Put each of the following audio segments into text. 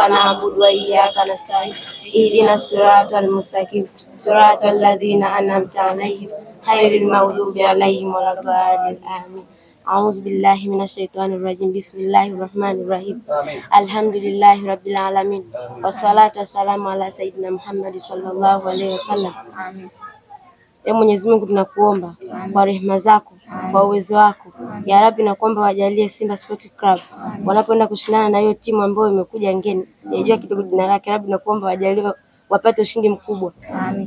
iyyaka na'budu wa iyyaka nasta'in ihdina siratal mustaqim siratal ladzina an'amta 'alaihim ghairil maghdubi 'alaihim waladdallin amin A'udhu billahi minash shaitani rajim. Bismillahir rahmanir rahim. Alhamdulillahi rabbil alamin. Wassalatu wassalamu ala sayyidina Muhammad sallallahu alaihi wasallam. Amin. Ee Mwenyezi Mungu tunakuomba kwa rehema zako kwa uwezo wako ya Rabbi, na kwamba wajalie Simba Sport Club wanapoenda kushindana na hiyo timu ambayo imekuja ngeni, sijajua kidogo jina lake Rabbi, na kwamba wajalie wapate ushindi mkubwa,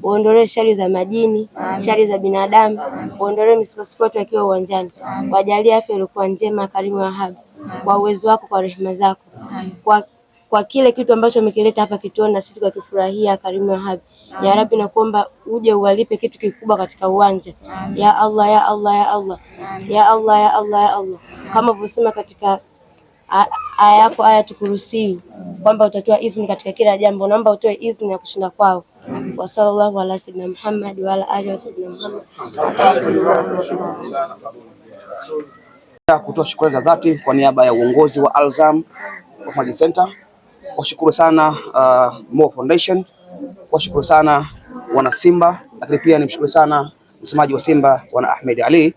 waondolee shari za majini, shari za binadamu, waondolee misukosuko wakiwa uwanjani, wajalie afya iliyokuwa njema, Karimu Wahab, kwa uwezo wako, kwa rehema zako, kwa, kwa kile kitu ambacho amekileta hapa kituoni na sisi tukakifurahia, Karimu Wahab. Ya Rabbi, nakuomba uje uwalipe kitu kikubwa katika uwanja. Ya Allah, ya Allah, ya Allah, ya Allah, ya Allah, ya Allah, kama ulivyosema katika aya yako aya tukurusii kwamba utatoa izni katika kila jambo, naomba utoe izni ya kushinda kwao. Wa sallallahu ala sayyidina Muhammad wa ala alihi wa sayyidina Muhammad. Kutoa shukrani za dhati kwa niaba ya uongozi wa Alzam azham Center, washukuru sana uh, Mo Foundation washukuru sana wana Simba, lakini pia nimshukuru sana msemaji wa Simba wana Ahmed Ali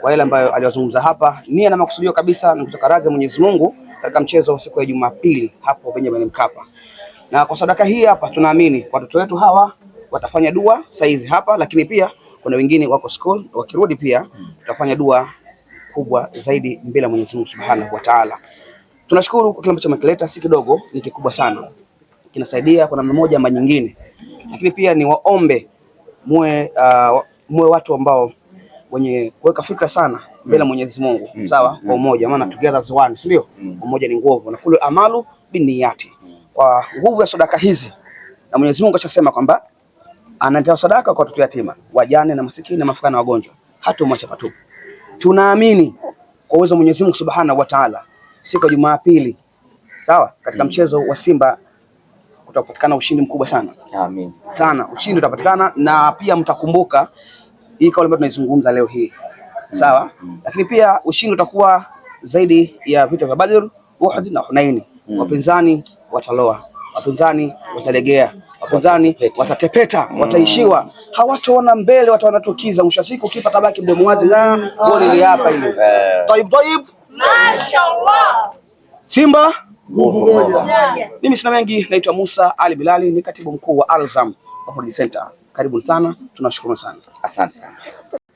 kwa yale ambayo aliwazungumza hapa. Nia na makusudio kabisa ni kutoka radhi Mwenyezi Mungu katika mchezo siku ya Jumapili hapo Benjamin Mkapa, na kwa sadaka hii hapa tunaamini watoto wetu hawa watafanya dua saizi hapa, lakini pia kuna wengine wako school, wakirudi pia tutafanya dua kubwa zaidi mbele ya Mwenyezi Mungu Subhanahu wa Ta'ala. Tunashukuru kwa kile ambacho mkileta, si kidogo, ni kikubwa sana kinasaidia kwa namna moja ama nyingine, lakini pia ni waombe muwe uh, muwe watu ambao wenye kuweka fikra sana mbele mm. Mwenyezi Mungu mm. Sawa mm. kwa umoja, maana mm. together as one, si ndio? Mm. Umoja ni nguvu, na kullu amalu biniyati, Kwa nguvu ya sadaka hizi, na Mwenyezi Mungu ashasema kwamba anatoa sadaka kwa watoto yatima, wajane na masikini na mafukara na wagonjwa, hata umwacha patupu. Tunaamini kwa uwezo wa Mwenyezi Mungu Subhanahu wa Ta'ala, siku ya Jumapili, sawa, katika mm. mchezo wa Simba kutapatikana ushindi mkubwa sana. Amin. Sana ushindi utapatikana, na pia mtakumbuka hii kauli ambayo tunaizungumza leo hii mm. sawa, mm. Lakini pia ushindi utakuwa zaidi ya vita vya Badr, Uhud na Hunain. mm. Wapinzani wataloa, wapinzani watalegea, wapinzani watatepeta, mm. wataishiwa, hawataona mbele, watawanatukiza. Mwisho wa siku kipa tabaki mdomo wazi na goli hapa ile. Eh. Taib taib, mashaallah Simba nguvu moja. Mimi sina mengi, naitwa Musa Ali Bilali, ni katibu mkuu wa Alzam Affordable Center. Karibu sana, tunashukuru sana, asante sana.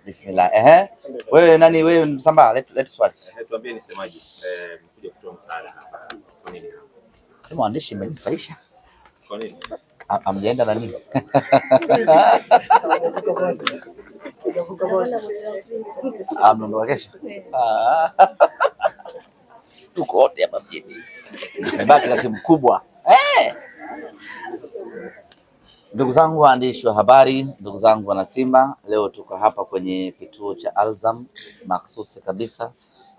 Bismillah. Ehe, wewe nani? Wewe Msamba? let let swali. Ehe, tuambie ni semaji. Eh, mkuja kutoa msaada hapa. Kwa nini? Sema andishi mmenifaisha. Kwa nini? Amjaenda na nini? Amnaondoka kesho? Ah. Tuko wote hapa mjini imebaki na timu kubwa hey! Eh! Ndugu zangu waandishi wa habari, ndugu zangu wanasimba, leo tuko hapa kwenye kituo cha Alzam maksusi kabisa,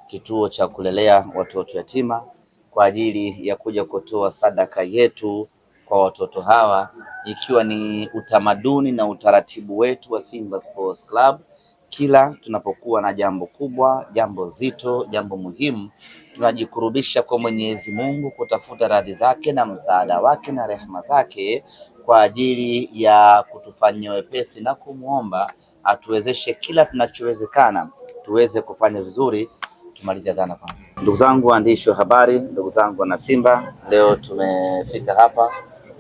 kituo cha kulelea watoto yatima kwa ajili ya kuja kutoa sadaka yetu kwa watoto hawa, ikiwa ni utamaduni na utaratibu wetu wa Simba Sports Club kila tunapokuwa na jambo kubwa, jambo zito, jambo muhimu, tunajikurubisha kwa Mwenyezi Mungu kutafuta radhi zake na msaada wake na rehema zake kwa ajili ya kutufanyia wepesi na kumwomba atuwezeshe kila tunachowezekana tuweze kufanya vizuri. Tumalize dhana kwanza. Ndugu zangu waandishi wa habari, ndugu zangu wanasimba, leo tumefika hapa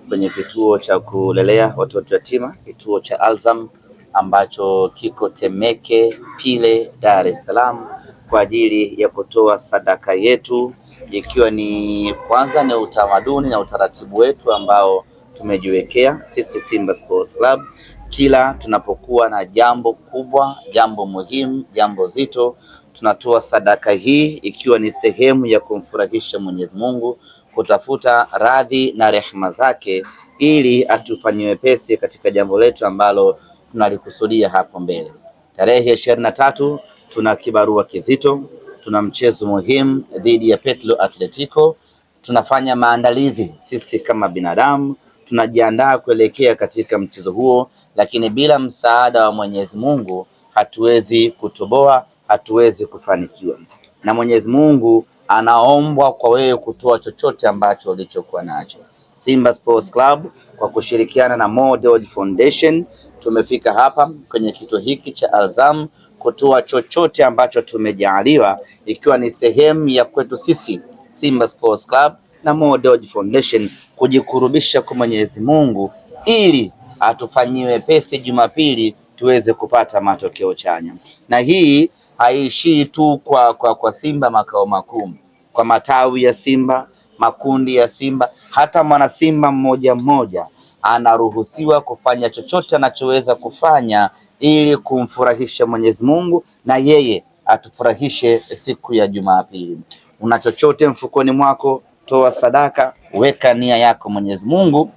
kwenye kituo cha kulelea watoto yatima, kituo cha Alzam ambacho kiko Temeke Pile, Dar es Salaam kwa ajili ya kutoa sadaka yetu, ikiwa ni kwanza ni utamaduni na utaratibu wetu ambao tumejiwekea sisi Simba Sports Club kila tunapokuwa na jambo kubwa, jambo muhimu, jambo zito, tunatoa sadaka hii ikiwa ni sehemu ya kumfurahisha Mwenyezi Mungu, kutafuta radhi na rehema zake, ili atufanyie wepesi katika jambo letu ambalo tunalikusudia hapo mbele. Tarehe ishirini na tatu tuna kibarua kizito, tuna mchezo muhimu dhidi ya Petro Atletico. Tunafanya maandalizi sisi kama binadamu, tunajiandaa kuelekea katika mchezo huo, lakini bila msaada wa Mwenyezi Mungu hatuwezi kutoboa, hatuwezi kufanikiwa, na Mwenyezi Mungu anaombwa kwa wewe kutoa chochote ambacho ulichokuwa nacho. Simba Sports Club kwa kushirikiana na Model Foundation tumefika hapa kwenye kituo hiki cha Alzam kutoa chochote ambacho tumejaaliwa, ikiwa ni sehemu ya kwetu sisi Simba Sports Club na Model Foundation kujikurubisha kwa Mwenyezi Mungu ili atufanyiwe pesi Jumapili tuweze kupata matokeo chanya, na hii haishii tu kwa, kwa, kwa Simba makao makuu, kwa matawi ya Simba makundi ya Simba, hata mwana Simba mmoja mmoja anaruhusiwa kufanya chochote anachoweza kufanya ili kumfurahisha Mwenyezi Mungu na yeye atufurahishe siku ya Jumapili. Una chochote mfukoni mwako, toa sadaka, weka nia yako. Mwenyezi Mungu,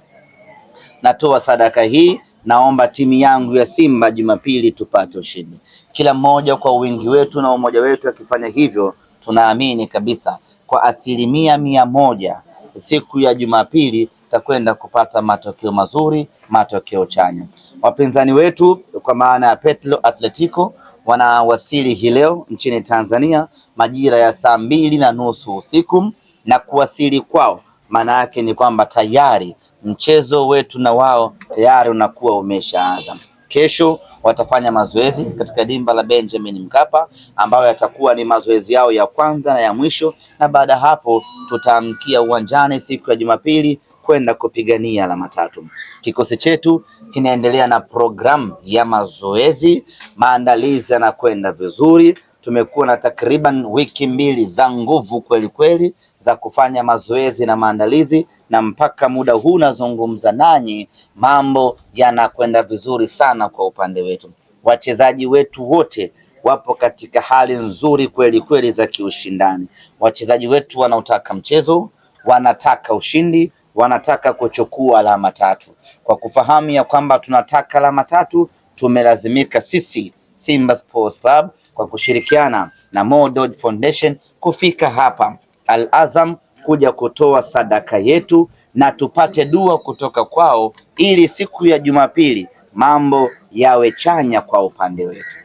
natoa sadaka hii, naomba timu yangu ya Simba Jumapili tupate ushindi. Kila mmoja kwa wingi wetu na umoja wetu akifanya hivyo, tunaamini kabisa kwa asilimia mia moja siku ya Jumapili takwenda kupata matokeo mazuri, matokeo chanya. Wapinzani wetu kwa maana ya Petro Atletico wanawasili hii leo nchini Tanzania majira ya saa mbili na nusu usiku, na kuwasili kwao maana yake ni kwamba tayari mchezo wetu na wao tayari unakuwa umeshaanza. Kesho watafanya mazoezi katika dimba la Benjamin Mkapa ambayo yatakuwa ni mazoezi yao ya kwanza na ya mwisho, na baada ya hapo tutaamkia uwanjani siku ya Jumapili kwenda kupigania alama tatu. Kikosi chetu kinaendelea na programu ya mazoezi, maandalizi yanakwenda vizuri tumekuwa na takriban wiki mbili za nguvu kweli kweli za kufanya mazoezi na maandalizi, na mpaka muda huu nazungumza nanyi, mambo yanakwenda vizuri sana kwa upande wetu. Wachezaji wetu wote wapo katika hali nzuri kweli kweli za kiushindani. Wachezaji wetu wanaotaka mchezo wanataka ushindi, wanataka kuchukua alama tatu. Kwa kufahamu ya kwamba tunataka alama tatu, tumelazimika sisi Simba Sports Club kwa kushirikiana na Mo Dodge Foundation kufika hapa Al Azam kuja kutoa sadaka yetu na tupate dua kutoka kwao ili siku ya Jumapili mambo yawe chanya kwa upande wetu.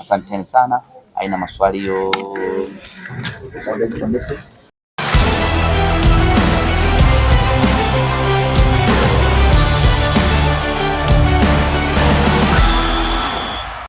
Asanteni sana. Haina maswali yo